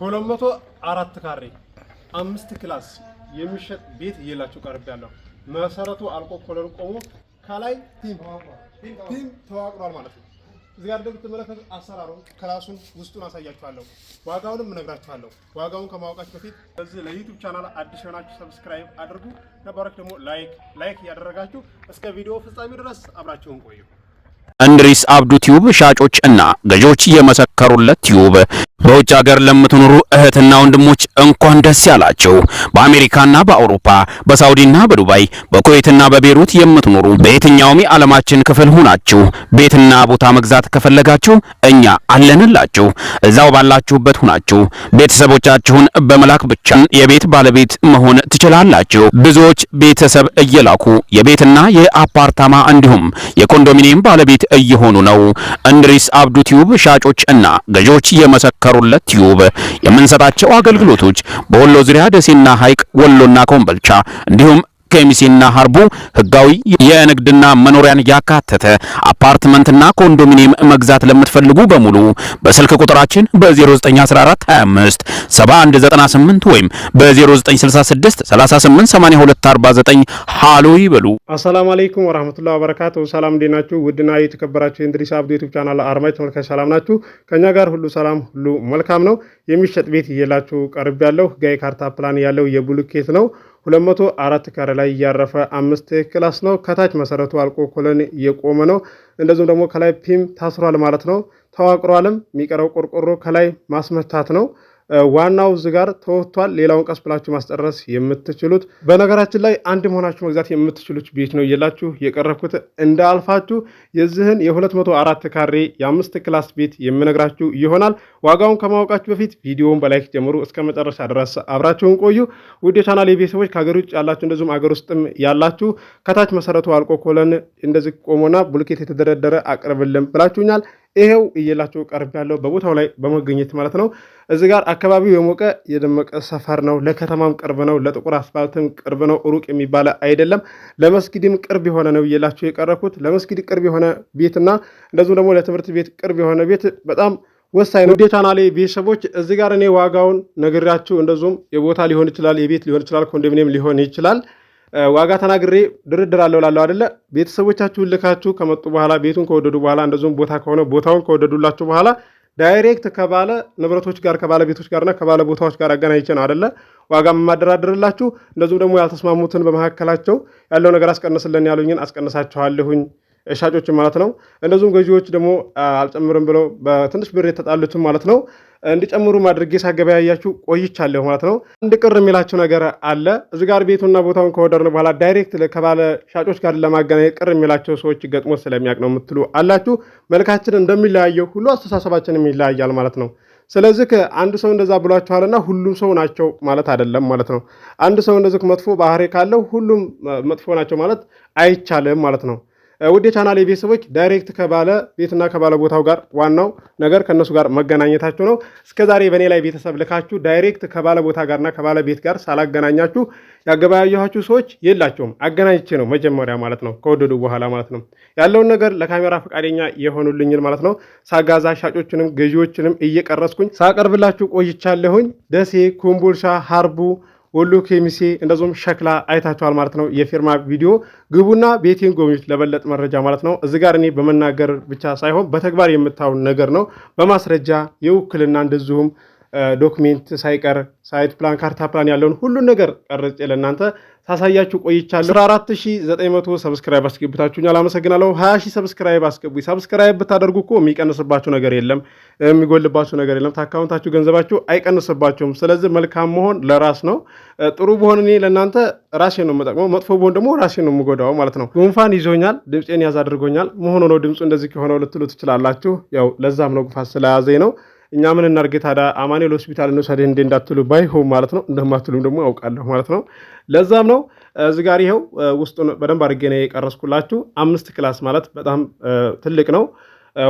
ሁለት መቶ አራት ካሬ አምስት ክላስ የሚሸጥ ቤት እየላችሁ ቀርብ ያለው መሰረቱ አልቆ ኮለር ቆሞ ከላይ ቲም ቲም ተዋቅሯል ማለት ነው። እዚህ ጋር እንደምትመለከቱ አሰራሩ ክላሱን ውስጡን አሳያችኋለሁ፣ ዋጋውንም እነግራችኋለሁ። ዋጋውን ከማወቃችሁ በፊት በዚህ ለዩቱብ ቻናል አዲስ የሆናችሁ ሰብስክራይብ አድርጉ፣ ነባሮች ደግሞ ላይክ ላይክ እያደረጋችሁ እስከ ቪዲዮ ፍጻሜ ድረስ አብራችሁን ቆዩ። እንድሪስ አብዱ ቲዩብ ሻጮች እና ገዢዎች የመሰከሩለት ቲዩብ በውጭ ሀገር ለምትኖሩ እህትና ወንድሞች እንኳን ደስ ያላችሁ። በአሜሪካና በአውሮፓ በሳውዲና በዱባይ በኩዌትና በቤሩት የምትኖሩ በየትኛውም የዓለማችን ክፍል ሁናችሁ ቤትና ቦታ መግዛት ከፈለጋችሁ እኛ አለንላችሁ። እዛው ባላችሁበት ሁናችሁ ቤተሰቦቻችሁን በመላክ ብቻ የቤት ባለቤት መሆን ትችላላችሁ። ብዙዎች ቤተሰብ እየላኩ የቤትና የአፓርታማ እንዲሁም የኮንዶሚኒየም ባለቤት እየሆኑ ነው። እንድሪስ አብዱ ቲዩብ ሻጮች እና ገዢዎች የመሰከሩ ለተሰማሩለት ዩብ የምንሰጣቸው አገልግሎቶች በወሎ ዙሪያ ደሴና ሐይቅ፣ ወሎና ኮምበልቻ እንዲሁም ከሚሴና ሀርቡ ህጋዊ የንግድና መኖሪያን ያካተተ አፓርትመንትና ኮንዶሚኒየም መግዛት ለምትፈልጉ በሙሉ በስልክ ቁጥራችን በ0914 ወይም በ0966 ሃሎ ይበሉ። አሰላሙ አለይኩም ወራህመቱላሂ ወበረካቱ። ሰላም እንዴት ናችሁ? ውድና የተከበራችሁ እንድሪስ አብዱ ዩቲዩብ ቻናል አርማጅ ተመልካች ሰላም ናችሁ? ከኛ ጋር ሁሉ ሰላም ሁሉ መልካም ነው። የሚሸጥ ቤት እየላችሁ ቀርብ ያለው ጋይ ካርታ ፕላን ያለው የብሎኬት ነው። 204 ካሬ ላይ እያረፈ አምስት ክላስ ነው። ከታች መሰረቱ አልቆ ኮለን እየቆመ ነው። እንደዚሁም ደግሞ ከላይ ፒም ታስሯል ማለት ነው። ተዋቅሯልም። የሚቀረው ቆርቆሮ ከላይ ማስመታት ነው። ዋናው እዚህ ጋር ተወጥቷል። ሌላውን ቀስ ብላችሁ ማስጨረስ የምትችሉት በነገራችን ላይ አንድ መሆናችሁ መግዛት የምትችሉት ቤት ነው እየላችሁ የቀረብኩት እንዳልፋችሁ የዚህን የ204 ካሬ የአምስት ክላስ ቤት የምነግራችሁ ይሆናል። ዋጋውን ከማወቃችሁ በፊት ቪዲዮውን በላይክ ጀምሩ፣ እስከ መጨረሻ ድረስ አብራችሁን ቆዩ። ውድ የቻናል የቤተሰቦች ከሀገር ውጭ ያላችሁ እንደዚሁም አገር ውስጥም ያላችሁ ከታች መሰረቱ አልቆ ኮለን እንደዚህ ቆሞና ቡልኬት የተደረደረ አቅርብልን ብላችሁኛል። ይሄው እየላቸው ቀርብ ያለው በቦታው ላይ በመገኘት ማለት ነው። እዚህ ጋር አካባቢው የሞቀ የደመቀ ሰፈር ነው። ለከተማም ቅርብ ነው። ለጥቁር አስፋልትም ቅርብ ነው። ሩቅ የሚባለ አይደለም። ለመስጊድም ቅርብ የሆነ ነው እየላቸው የቀረብኩት። ለመስጊድ ቅርብ የሆነ ቤትና እንደዚሁም ደግሞ ለትምህርት ቤት ቅርብ የሆነ ቤት በጣም ወሳኝ ነው። ዴታና ላይ ቤተሰቦች እዚህ ጋር እኔ ዋጋውን ነግራችሁ እንደዚሁም የቦታ ሊሆን ይችላል፣ የቤት ሊሆን ይችላል፣ ኮንዶሚኒየም ሊሆን ይችላል ዋጋ ተናግሬ ድርድር አለው ላለው አደለ። ቤተሰቦቻችሁን ልካችሁ ከመጡ በኋላ ቤቱን ከወደዱ በኋላ እንደዚሁም ቦታ ከሆነ ቦታውን ከወደዱላችሁ በኋላ ዳይሬክት ከባለ ንብረቶች ጋር ከባለ ቤቶች ጋርና ከባለ ቦታዎች ጋር አገናኝቼ ነው አደለ ዋጋ የማደራድርላችሁ። እንደዚሁም ደግሞ ያልተስማሙትን በመካከላቸው ያለው ነገር አስቀንስልን ያሉኝን አስቀንሳችኋለሁኝ። ሻጮች ማለት ነው። እንደዚሁም ገዢዎች ደግሞ አልጨምርም ብለው በትንሽ ብር የተጣሉትን ማለት ነው እንዲጨምሩ አድርጌ ሳገበያያችሁ ቆይቻለሁ ማለት ነው። አንድ ቅር የሚላቸው ነገር አለ እዚ ጋር ቤቱና ቦታውን ከወደርን በኋላ ዳይሬክት ከባለ ሻጮች ጋር ለማገናኘት ቅር የሚላቸው ሰዎች ገጥሞት ስለሚያውቅ ነው የምትሉ አላችሁ። መልካችን እንደሚለያየው ሁሉ አስተሳሰባችን ይለያያል ማለት ነው። ስለዚህ አንድ ሰው እንደዛ ብሏችኋልና ሁሉም ሰው ናቸው ማለት አይደለም ማለት ነው። አንድ ሰው እንደዚህ መጥፎ ባህሪ ካለው ሁሉም መጥፎ ናቸው ማለት አይቻልም ማለት ነው። ውድ የቻናል ቤተሰቦች ዳይሬክት ከባለ ቤትና ከባለ ቦታው ጋር ዋናው ነገር ከእነሱ ጋር መገናኘታችሁ ነው። እስከዛሬ በእኔ ላይ ቤተሰብ ልካችሁ ዳይሬክት ከባለ ቦታ ጋርና ከባለ ቤት ጋር ሳላገናኛችሁ ያገበያየኋችሁ ሰዎች የላቸውም። አገናኝቼ ነው መጀመሪያ ማለት ነው ከወደዱ በኋላ ማለት ነው ያለውን ነገር ለካሜራ ፈቃደኛ የሆኑልኝን ማለት ነው ሳጋዛ ሻጮችንም ገዢዎችንም እየቀረስኩኝ ሳቀርብላችሁ ቆይቻለሁኝ። ደሴ፣ ኩምቡልሻ፣ ሀርቡ ወሎ ኬሚሴ እንደዚሁም ሸክላ አይታችኋል ማለት ነው። የፊርማ ቪዲዮ ግቡና ቤቴን ጎብኙት ለበለጠ መረጃ ማለት ነው። እዚህ ጋር እኔ በመናገር ብቻ ሳይሆን በተግባር የምታዩ ነገር ነው። በማስረጃ የውክልና እንደዚሁም ዶክሜንት ሳይቀር ሳይት ፕላን፣ ካርታ ፕላን ያለውን ሁሉን ነገር ቀርጬ ለእናንተ ሳሳያችሁ ቆይቻለሁ። 14900 ሺ ሰብስክራይብ አስገብታችሁኛል፣ አመሰግናለሁ። 20 ሺ ሰብስክራይብ አስገቡ። ሰብስክራይብ ብታደርጉ እኮ የሚቀንስባችሁ ነገር የለም፣ የሚጎልባችሁ ነገር የለም። ታካውንታችሁ ገንዘባችሁ አይቀንስባችሁም። ስለዚህ መልካም መሆን ለራስ ነው። ጥሩ በሆን እኔ ለእናንተ ራሴ ነው የምጠቅመው፣ መጥፎ በሆን ደግሞ ራሴ ነው የምጎዳው ማለት ነው። ጉንፋን ይዞኛል፣ ድምፄን ያዝ አድርጎኛል። መሆኑ ነው ድምፁ እንደዚህ ከሆነው ልትሉ ትችላላችሁ። ያው ለዛም ነው ጉንፋን ስለያዘኝ ነው። እኛ ምን እናድርግ ታዲያ አማኑኤል ሆስፒታል እንውሰድህ እንዴ እንዳትሉ ባይሆ ማለት ነው። እንደማትሉም ደግሞ ያውቃለሁ ማለት ነው። ለዛም ነው እዚ ጋር ይኸው ውስጡን በደንብ አድርጌ ነው የቀረስኩላችሁ። አምስት ክላስ ማለት በጣም ትልቅ ነው።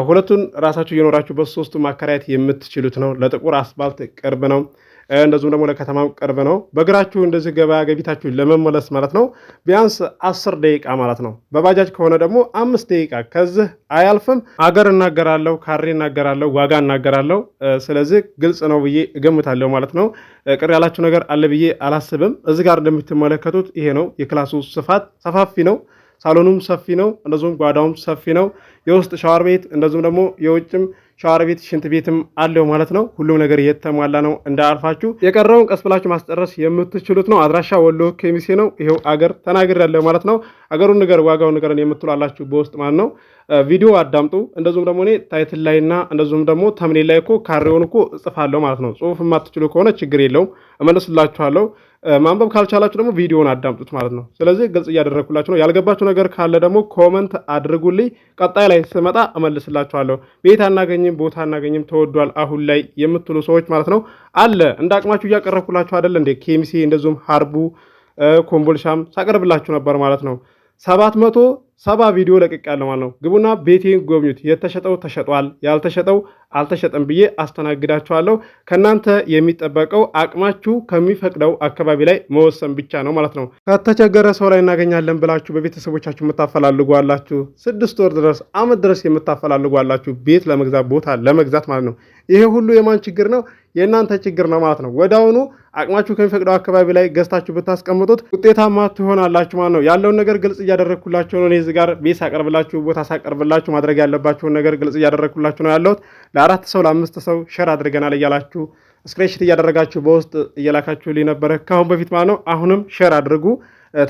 ሁለቱን ራሳችሁ እየኖራችሁበት በሶስቱ ማከራየት የምትችሉት ነው። ለጥቁር አስፋልት ቅርብ ነው። እንደዚሁም ደግሞ ለከተማም ቅርብ ነው። በእግራችሁ እንደዚህ ገበያ ገቢታችሁ ለመመለስ ማለት ነው ቢያንስ አስር ደቂቃ ማለት ነው። በባጃጅ ከሆነ ደግሞ አምስት ደቂቃ ከዚህ አያልፍም። አገር እናገራለሁ፣ ካሬ እናገራለሁ፣ ዋጋ እናገራለሁ። ስለዚህ ግልጽ ነው ብዬ እገምታለሁ ማለት ነው። ቅር ያላችሁ ነገር አለ ብዬ አላስብም። እዚህ ጋር እንደምትመለከቱት ይሄ ነው የክላሱ ስፋት፣ ሰፋፊ ነው። ሳሎኑም ሰፊ ነው። እንደዚሁም ጓዳውም ሰፊ ነው። የውስጥ ሻወር ቤት እንደዚሁም ደግሞ የውጭም ሻወር ቤት፣ ሽንት ቤትም አለው ማለት ነው። ሁሉም ነገር የተሟላ ነው። እንዳያልፋችሁ የቀረውን ቀስ ብላችሁ ማስጨረስ የምትችሉት ነው። አድራሻ ወሎ ኬሚሴ ነው። ይሄው አገር ያለው ማለት ነው። አገሩን ነገር ዋጋውን ነገርን የምትሉ አላችሁ በውስጥ ማለት ነው። ቪዲዮ አዳምጡ። እንደዚሁም ደግሞ እኔ ታይትል ላይና እንደዚሁም ደግሞ ተምኔል ላይ እኮ ካሬውን እኮ እጽፋለሁ ማለት ነው። ጽሁፍ የማትችሉ ከሆነ ችግር የለውም እመልስላችኋለሁ። ማንበብ ካልቻላችሁ ደግሞ ቪዲዮውን አዳምጡት ማለት ነው። ስለዚህ ግልጽ እያደረግኩላችሁ ነው። ያልገባችሁ ነገር ካለ ደግሞ ኮመንት አድርጉልኝ። ቀጣይ ላይ ስመጣ እመልስላችኋለሁ። ቤት አናገኝ አናገኝም፣ ቦታ አናገኝም፣ ተወዷል አሁን ላይ የምትሉ ሰዎች ማለት ነው አለ እንደ አቅማችሁ እያቀረብኩላችሁ አደለ እንዴ? ኬሚሴ እንደዚሁም ሀርቡ ኮምቦልሻም ሳቀርብላችሁ ነበር ማለት ነው ሰባት መቶ ሰባ ቪዲዮ ለቅቄያለሁ ማለት ነው። ግቡና ቤቴን ጎብኙት። የተሸጠው ተሸጧል፣ ያልተሸጠው አልተሸጠም ብዬ አስተናግዳችኋለሁ። ከእናንተ የሚጠበቀው አቅማችሁ ከሚፈቅደው አካባቢ ላይ መወሰን ብቻ ነው ማለት ነው። ከተቸገረ ሰው ላይ እናገኛለን ብላችሁ በቤተሰቦቻችሁ የምታፈላልጓላችሁ፣ ስድስት ወር ድረስ አመት ድረስ የምታፈላልጓላችሁ ቤት ለመግዛት ቦታ ለመግዛት ማለት ነው። ይሄ ሁሉ የማን ችግር ነው? የእናንተ ችግር ነው ማለት ነው። ወዲያውኑ አቅማችሁ ከሚፈቅደው አካባቢ ላይ ገዝታችሁ ብታስቀምጡት ውጤታማ ትሆናላችሁ ማለት ነው። ያለውን ነገር ግልጽ እያደረግኩላቸው ነው። ከዚህ ጋር ቤት ሳቀርብላችሁ ቦታ ሳቀርብላችሁ ማድረግ ያለባችሁን ነገር ግልጽ እያደረግኩላችሁ ነው ያለሁት። ለአራት ሰው ለአምስት ሰው ሸር አድርገናል እያላችሁ ስክሬንሽት እያደረጋችሁ በውስጥ እየላካችሁ ነበረ ከአሁን በፊት ማለት ነው። አሁንም ሸር አድርጉ።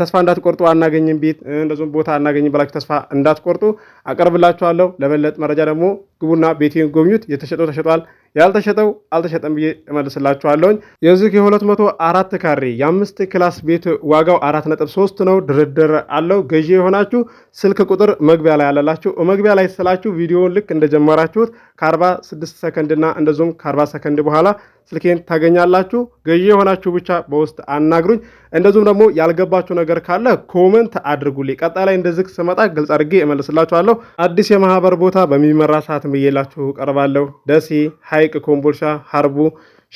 ተስፋ እንዳትቆርጡ፣ አናገኝም ቤት እንደዚሁም ቦታ አናገኝም ብላችሁ ተስፋ እንዳትቆርጡ አቀርብላችኋለሁ። ለበለጠ መረጃ ደግሞ ግቡና ቤቴን ጎብኙት። የተሸጠው ተሸጧል ያልተሸጠው አልተሸጠም ብዬ እመልስላችኋለሁኝ። የዚህ የ204 ካሬ የአምስት ክላስ ቤት ዋጋው 4.3 ነው። ድርድር አለው። ገዢ የሆናችሁ ስልክ ቁጥር መግቢያ ላይ አለላችሁ። መግቢያ ላይ ስላችሁ ቪዲዮውን ልክ እንደጀመራችሁት ከ46 ሰከንድና እንደዚሁም ከ40 ሰከንድ በኋላ ስልኬን ታገኛላችሁ። ገዢ የሆናችሁ ብቻ በውስጥ አናግሩኝ። እንደዚሁም ደግሞ ያልገባችሁ ነገር ካለ ኮመንት አድርጉልኝ። ቀጣይ ላይ እንደዚህ ስመጣ ግልጽ አድርጌ እመልስላችኋለሁ። አዲስ የማህበር ቦታ በሚመራ ሰዓት ብዬላችሁ ቀርባለሁ። ደሴ ሀይ ሐይቅ፣ ኮምቦልሻ፣ ሀርቡ፣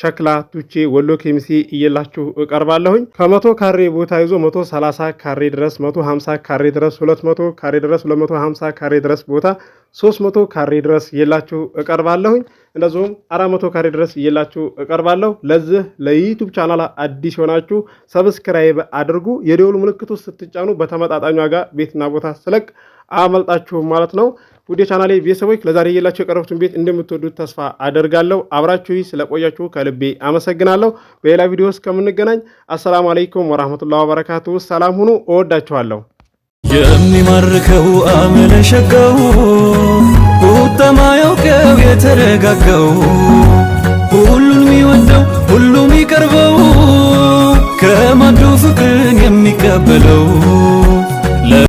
ሸክላ፣ ቱቼ፣ ወሎ ኬሚሴ እየላችሁ እቀርባለሁኝ። ከመቶ ካሬ ቦታ ይዞ መቶ ሰላሳ ካሬ ድረስ መቶ ሀምሳ ካሬ ድረስ ሁለት መቶ ካሬ ድረስ ሁለት መቶ ሀምሳ ካሬ ድረስ ቦታ 300 ካሬ ድረስ የላችሁ እቀርባለሁኝ። እንደዚሁም 400 ካሬ ድረስ የላችሁ እቀርባለሁ። ለዚህ ለዩቱብ ቻናል አዲስ የሆናችሁ ሰብስክራይብ አድርጉ። የደውሉ ምልክቱ ስትጫኑ በተመጣጣኝ ዋጋ ቤትና ቦታ ስለቅ አመልጣችሁም ማለት ነው። ውድ ቻናሌ ቤተሰቦች ለዛሬ የላችሁ የቀረቡትን ቤት እንደምትወዱት ተስፋ አደርጋለሁ። አብራችሁ ስለቆያችሁ ከልቤ አመሰግናለሁ። በሌላ ቪዲዮ እስከምንገናኝ አሰላሙ አለይኩም ወራህመቱላሂ ወበረካቱ። ሰላም ሁኑ። እወዳችኋለሁ። የሚማርከው አመለ ሸጋው ቁጠማ ያውቀው የተረጋጋው ሁሉን የሚወደው ሁሉ ይቀርበው ከማዱ ፍቅርን የሚቀበለው